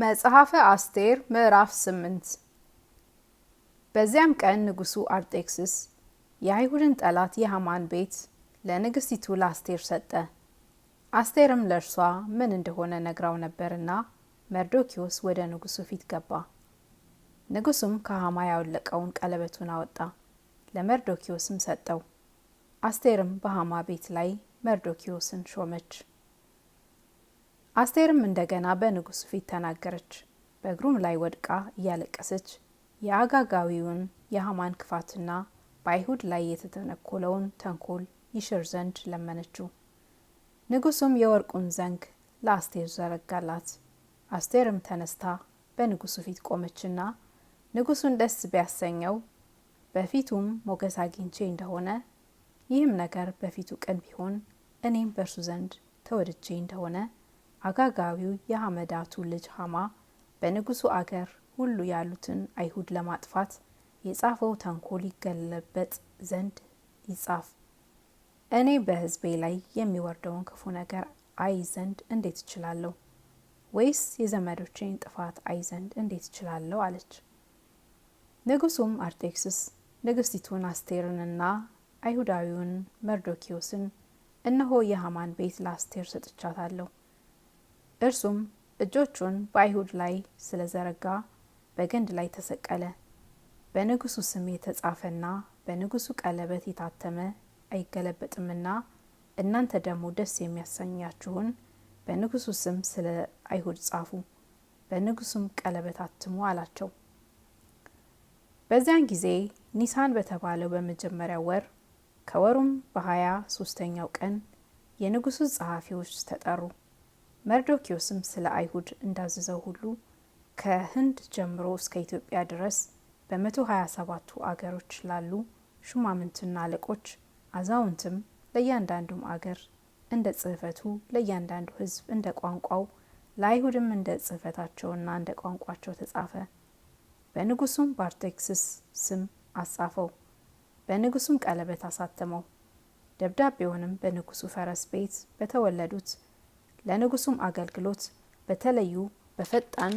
መጽሐፈ አስቴር ምዕራፍ ስምንት በዚያም ቀን ንጉሱ አርጤክስስ የአይሁድን ጠላት የሃማን ቤት ለንግስቲቱ ለአስቴር ሰጠ። አስቴርም ለእርሷ ምን እንደሆነ ነግራው ነበርና መርዶኪዎስ ወደ ንጉሱ ፊት ገባ። ንጉሱም ከሃማ ያወለቀውን ቀለበቱን አወጣ፣ ለመርዶኪዎስም ሰጠው። አስቴርም በሃማ ቤት ላይ መርዶኪዎስን ሾመች። አስቴርም እንደገና በንጉሱ ፊት ተናገረች። በእግሩም ላይ ወድቃ እያለቀሰች የአጋጋዊውን የሐማን ክፋትና በአይሁድ ላይ የተተነኮለውን ተንኮል ይሽር ዘንድ ለመነችው። ንጉሱም የወርቁን ዘንግ ለአስቴር ዘረጋላት። አስቴርም ተነስታ በንጉሱ ፊት ቆመችና ንጉሱን ደስ ቢያሰኘው በፊቱም ሞገስ አግኝቼ እንደሆነ ይህም ነገር በፊቱ ቅን ቢሆን እኔም በእርሱ ዘንድ ተወድጄ እንደሆነ አጋጋዊው የሐመዳቱ ልጅ ሐማ በንጉሱ አገር ሁሉ ያሉትን አይሁድ ለማጥፋት የጻፈው ተንኮል ይገለበጥ ዘንድ ይጻፍ። እኔ በሕዝቤ ላይ የሚወርደውን ክፉ ነገር አይ ዘንድ እንዴት እችላለሁ? ወይስ የዘመዶቼን ጥፋት አይ ዘንድ እንዴት እችላለሁ? አለች። ንጉሱም አርጤክስስ ንግስቲቱን አስቴርንና አይሁዳዊውን መርዶኪዎስን እነሆ የሐማን ቤት ለአስቴር ሰጥቻታለሁ እርሱም እጆቹን በአይሁድ ላይ ስለዘረጋ በግንድ ላይ ተሰቀለ። በንጉሱ ስም የተጻፈና በንጉሱ ቀለበት የታተመ አይገለበጥምና እናንተ ደግሞ ደስ የሚያሰኛችሁን በንጉሱ ስም ስለ አይሁድ ጻፉ፣ በንጉሱም ቀለበት አትሙ አላቸው። በዚያን ጊዜ ኒሳን በተባለው በመጀመሪያው ወር ከወሩም በሀያ ሶስተኛው ቀን የንጉሱ ጸሐፊዎች ተጠሩ። መርዶኪዮስም ስለ አይሁድ እንዳዘዘው ሁሉ ከህንድ ጀምሮ እስከ ኢትዮጵያ ድረስ በመቶ ሀያ ሰባቱ አገሮች ላሉ ሹማምንትና አለቆች አዛውንትም ለእያንዳንዱም አገር እንደ ጽህፈቱ ለእያንዳንዱ ህዝብ እንደ ቋንቋው ለአይሁድም እንደ ጽህፈታቸውና እንደ ቋንቋቸው ተጻፈ። በንጉሱም ባርቴክስስ ስም አጻፈው፣ በንጉሱም ቀለበት አሳተመው። ደብዳቤውንም በንጉሱ ፈረስ ቤት በተወለዱት ለንጉሱም አገልግሎት በተለዩ በፈጣን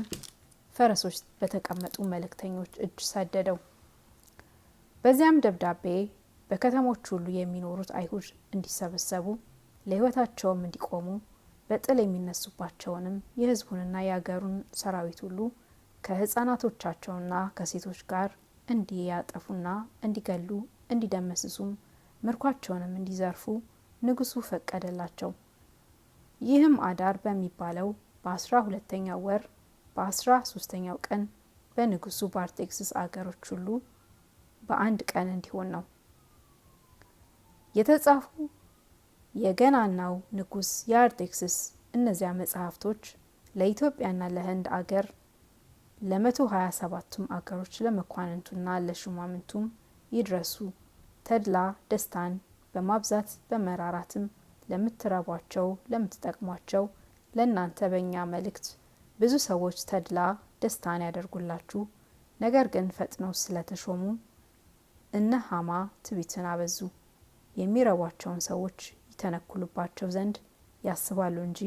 ፈረሶች በተቀመጡ መልእክተኞች እጅ ሰደደው። በዚያም ደብዳቤ በከተሞች ሁሉ የሚኖሩት አይሁድ እንዲሰበሰቡ ለሕይወታቸውም እንዲቆሙ በጥል የሚነሱባቸውንም የሕዝቡንና የአገሩን ሰራዊት ሁሉ ከሕፃናቶቻቸውና ከሴቶች ጋር እንዲያጠፉና እንዲገሉ እንዲደመስሱም ምርኳቸውንም እንዲዘርፉ ንጉሱ ፈቀደላቸው። ይህም አዳር በሚባለው በአስራ ሁለተኛው ወር በአስራ ሶስተኛው ቀን በንጉሱ በአርጤክስስ አገሮች ሁሉ በአንድ ቀን እንዲሆን ነው። የተጻፉ የገናናው ንጉስ የአርጤክስስ እነዚያ መጽሐፍቶች ለኢትዮጵያና ለህንድ አገር ለመቶ ሀያ ሰባቱም አገሮች ለመኳንንቱና ለሹማምንቱም ይድረሱ። ተድላ ደስታን በማብዛት በመራራትም ለምትረቧቸው፣ ለምትጠቅሟቸው ለእናንተ በእኛ መልእክት ብዙ ሰዎች ተድላ ደስታን ያደርጉላችሁ። ነገር ግን ፈጥነው ስለተሾሙ እነ ሀማ ትቢትን አበዙ። የሚረቧቸውን ሰዎች ይተነኩሉባቸው ዘንድ ያስባሉ እንጂ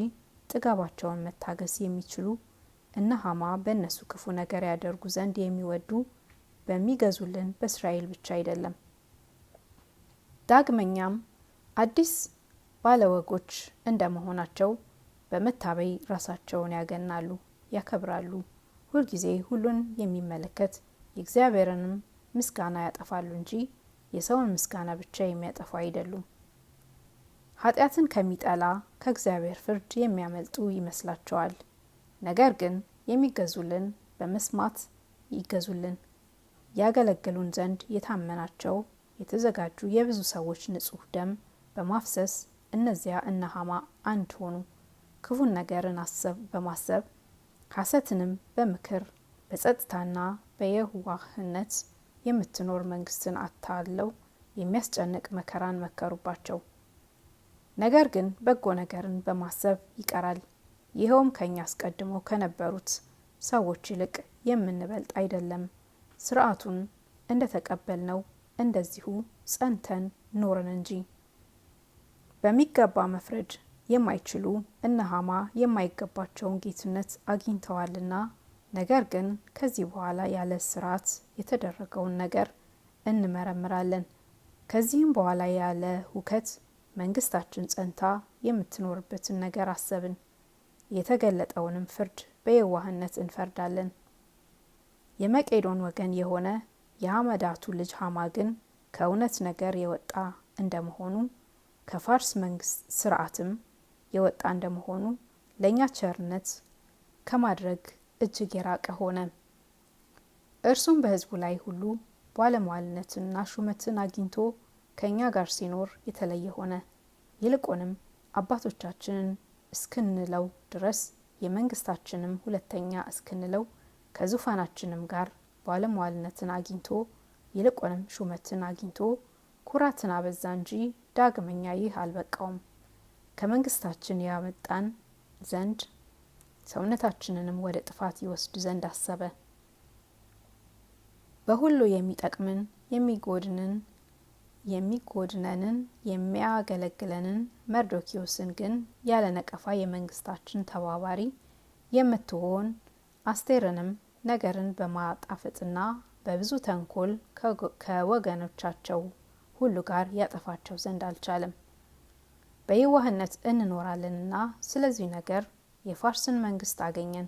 ጥጋባቸውን መታገስ የሚችሉ እነ ሀማ በእነሱ ክፉ ነገር ያደርጉ ዘንድ የሚወዱ በሚገዙልን በእስራኤል ብቻ አይደለም። ዳግመኛም አዲስ ባለወጎች እንደመሆናቸው በመታበይ ራሳቸውን ያገናሉ፣ ያከብራሉ። ሁልጊዜ ሁሉን የሚመለከት የእግዚአብሔርንም ምስጋና ያጠፋሉ እንጂ የሰውን ምስጋና ብቻ የሚያጠፉ አይደሉም። ኃጢአትን ከሚጠላ ከእግዚአብሔር ፍርድ የሚያመልጡ ይመስላቸዋል። ነገር ግን የሚገዙልን በመስማት ይገዙልን ያገለግሉን ዘንድ የታመናቸው የተዘጋጁ የብዙ ሰዎች ንጹህ ደም በማፍሰስ እነዚያ እነ ሀማ አንድ ሆኑ። ክፉን ነገርን አሰብ በማሰብ ሐሰትንም በምክር በጸጥታና በየዋህነት የምትኖር መንግስትን አታለው የሚያስጨንቅ መከራን መከሩባቸው። ነገር ግን በጎ ነገርን በማሰብ ይቀራል። ይኸውም ከኛ አስቀድሞ ከነበሩት ሰዎች ይልቅ የምንበልጥ አይደለም። ስርዓቱን እንደ ተቀበልነው እንደዚሁ ጸንተን ኖርን እንጂ በሚገባ መፍረድ የማይችሉ እነ ሐማ የማይገባቸውን ጌትነት አግኝተዋልና ነገር ግን ከዚህ በኋላ ያለ ስርዓት የተደረገውን ነገር እንመረምራለን። ከዚህም በኋላ ያለ ሁከት መንግስታችን ጸንታ የምትኖርበትን ነገር አሰብን። የተገለጠውንም ፍርድ በየዋህነት እንፈርዳለን። የመቄዶን ወገን የሆነ የአመዳቱ ልጅ ሃማ ግን ከእውነት ነገር የወጣ እንደመሆኑ ከፋርስ መንግስት ስርዓትም የወጣ እንደመሆኑ ለእኛ ቸርነት ከማድረግ እጅግ የራቀ ሆነ። እርሱም በህዝቡ ላይ ሁሉ ባለሟልነትንና ሹመትን አግኝቶ ከእኛ ጋር ሲኖር የተለየ ሆነ። ይልቁንም አባቶቻችንን እስክንለው ድረስ የመንግስታችንም ሁለተኛ እስክንለው ከዙፋናችንም ጋር ባለሟልነትን አግኝቶ ይልቁንም ሹመትን አግኝቶ ኩራትን አበዛ እንጂ ዳግመኛ ይህ አልበቃውም። ከመንግስታችን ያመጣን ዘንድ ሰውነታችንንም ወደ ጥፋት ይወስድ ዘንድ አሰበ። በሁሉ የሚጠቅምን የሚጎድንን የሚጎድነንን የሚያገለግለንን መርዶኪዎስን ግን ያለ ነቀፋ የመንግስታችን ተባባሪ የምትሆን አስቴርንም ነገርን በማጣፈጥና በብዙ ተንኮል ከወገኖቻቸው ሁሉ ጋር ያጠፋቸው ዘንድ አልቻለም። በየዋህነት እንኖራለንና ስለዚህ ነገር የፋርስን መንግስት አገኘን።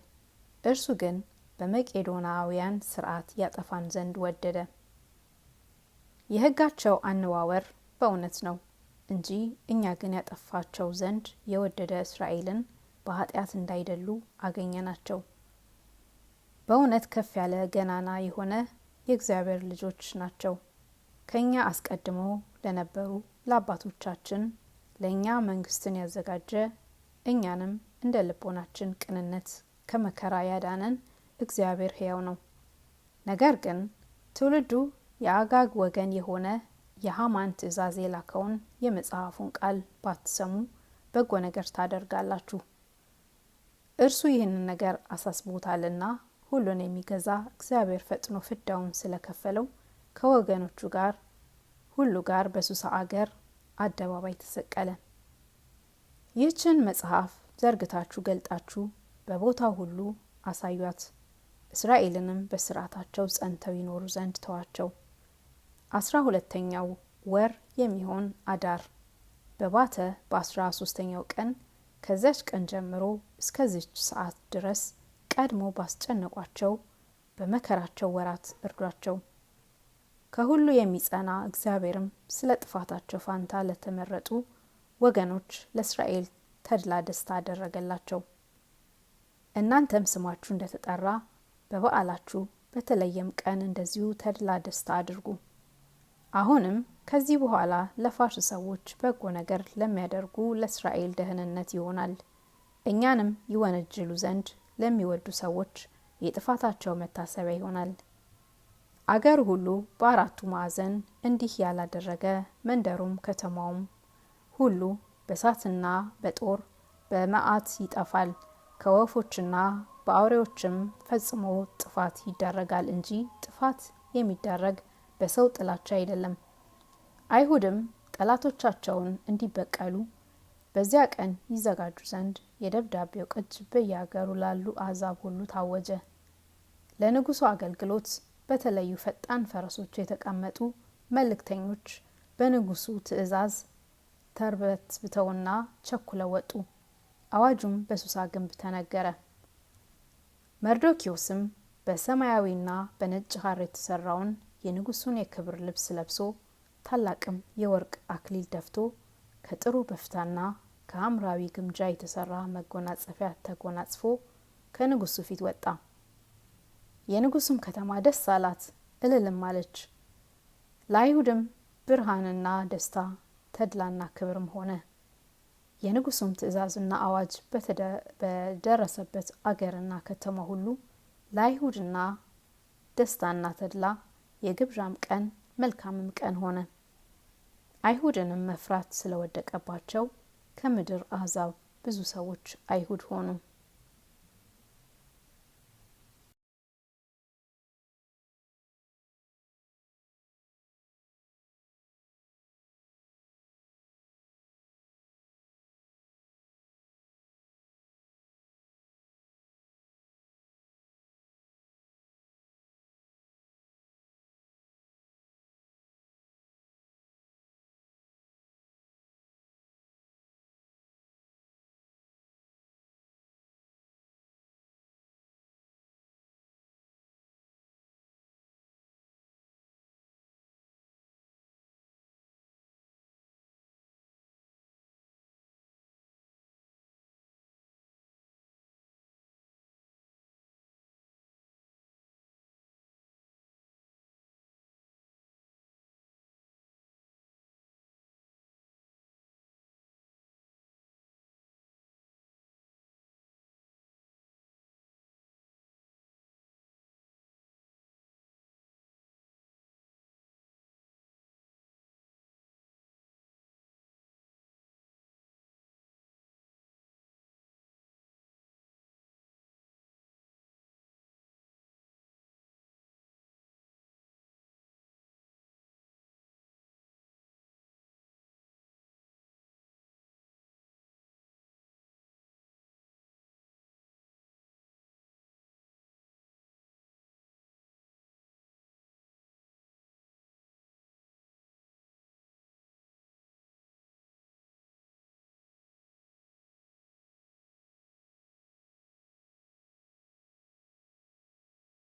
እርሱ ግን በመቄዶናውያን ስርዓት ያጠፋን ዘንድ ወደደ። የህጋቸው አነዋወር በእውነት ነው እንጂ እኛ ግን ያጠፋቸው ዘንድ የወደደ እስራኤልን በኃጢአት እንዳይደሉ አገኘ ናቸው። በእውነት ከፍ ያለ ገናና የሆነ የእግዚአብሔር ልጆች ናቸው። ከኛ አስቀድሞ ለነበሩ ለአባቶቻችን ለእኛ መንግስትን ያዘጋጀ እኛንም እንደ ልቦናችን ቅንነት ከመከራ ያዳነን እግዚአብሔር ሕያው ነው። ነገር ግን ትውልዱ የአጋግ ወገን የሆነ የሃማን ትእዛዝ የላከውን የመጽሐፉን ቃል ባትሰሙ በጎ ነገር ታደርጋላችሁ። እርሱ ይህንን ነገር አሳስቦታልና ሁሉን የሚገዛ እግዚአብሔር ፈጥኖ ፍዳውን ስለከፈለው ከወገኖቹ ጋር ሁሉ ጋር በሱሳ አገር አደባባይ ተሰቀለ። ይህችን መጽሐፍ ዘርግታችሁ ገልጣችሁ በቦታው ሁሉ አሳዩት። እስራኤልንም በስርዓታቸው ጸንተው ይኖሩ ዘንድ ተዋቸው። አስራ ሁለተኛው ወር የሚሆን አዳር በባተ በአስራ ሶስተኛው ቀን ከዚያች ቀን ጀምሮ እስከዚች ሰዓት ድረስ ቀድሞ ባስጨነቋቸው በመከራቸው ወራት እርዷቸው። ከሁሉ የሚጸና እግዚአብሔርም ስለ ጥፋታቸው ፋንታ ለተመረጡ ወገኖች ለእስራኤል ተድላ ደስታ አደረገላቸው። እናንተም ስማችሁ እንደተጠራ በበዓላችሁ በተለየም ቀን እንደዚሁ ተድላ ደስታ አድርጉ። አሁንም ከዚህ በኋላ ለፋርስ ሰዎች በጎ ነገር ለሚያደርጉ ለእስራኤል ደህንነት ይሆናል። እኛንም ይወነጅሉ ዘንድ ለሚወዱ ሰዎች የጥፋታቸው መታሰቢያ ይሆናል። አገር ሁሉ በአራቱ ማዕዘን እንዲህ ያላደረገ መንደሩም ከተማውም ሁሉ በእሳትና በጦር በመዓት ይጠፋል፣ ከወፎችና በአውሬዎችም ፈጽሞ ጥፋት ይደረጋል እንጂ ጥፋት የሚደረግ በሰው ጥላቻ አይደለም። አይሁድም ጠላቶቻቸውን እንዲበቀሉ በዚያ ቀን ይዘጋጁ ዘንድ የደብዳቤው ቅጅ በየአገሩ ላሉ አሕዛብ ሁሉ ታወጀ። ለንጉሱ አገልግሎት በተለዩ ፈጣን ፈረሶች የተቀመጡ መልእክተኞች በንጉሱ ትዕዛዝ ተርበትብተውና ቸኩለው ወጡ። አዋጁም በሱሳ ግንብ ተነገረ። መርዶኪዎስም በሰማያዊና በነጭ ሐር የተሰራውን የንጉሱን የክብር ልብስ ለብሶ ታላቅም የወርቅ አክሊል ደፍቶ ከጥሩ በፍታና ከሐምራዊ ግምጃ የተሰራ መጎናጸፊያ ተጎናጽፎ ከንጉሱ ፊት ወጣ። የንጉሱም ከተማ ደስ አላት እልልም አለች። ለአይሁድም ብርሃንና ደስታ ተድላና ክብርም ሆነ። የንጉሱም ትእዛዝና አዋጅ በደረሰበት አገርና ከተማ ሁሉ ለአይሁድና ደስታና ተድላ የግብዣም ቀን መልካምም ቀን ሆነ። አይሁድንም መፍራት ስለወደቀባቸው ከምድር አሕዛብ ብዙ ሰዎች አይሁድ ሆኑ።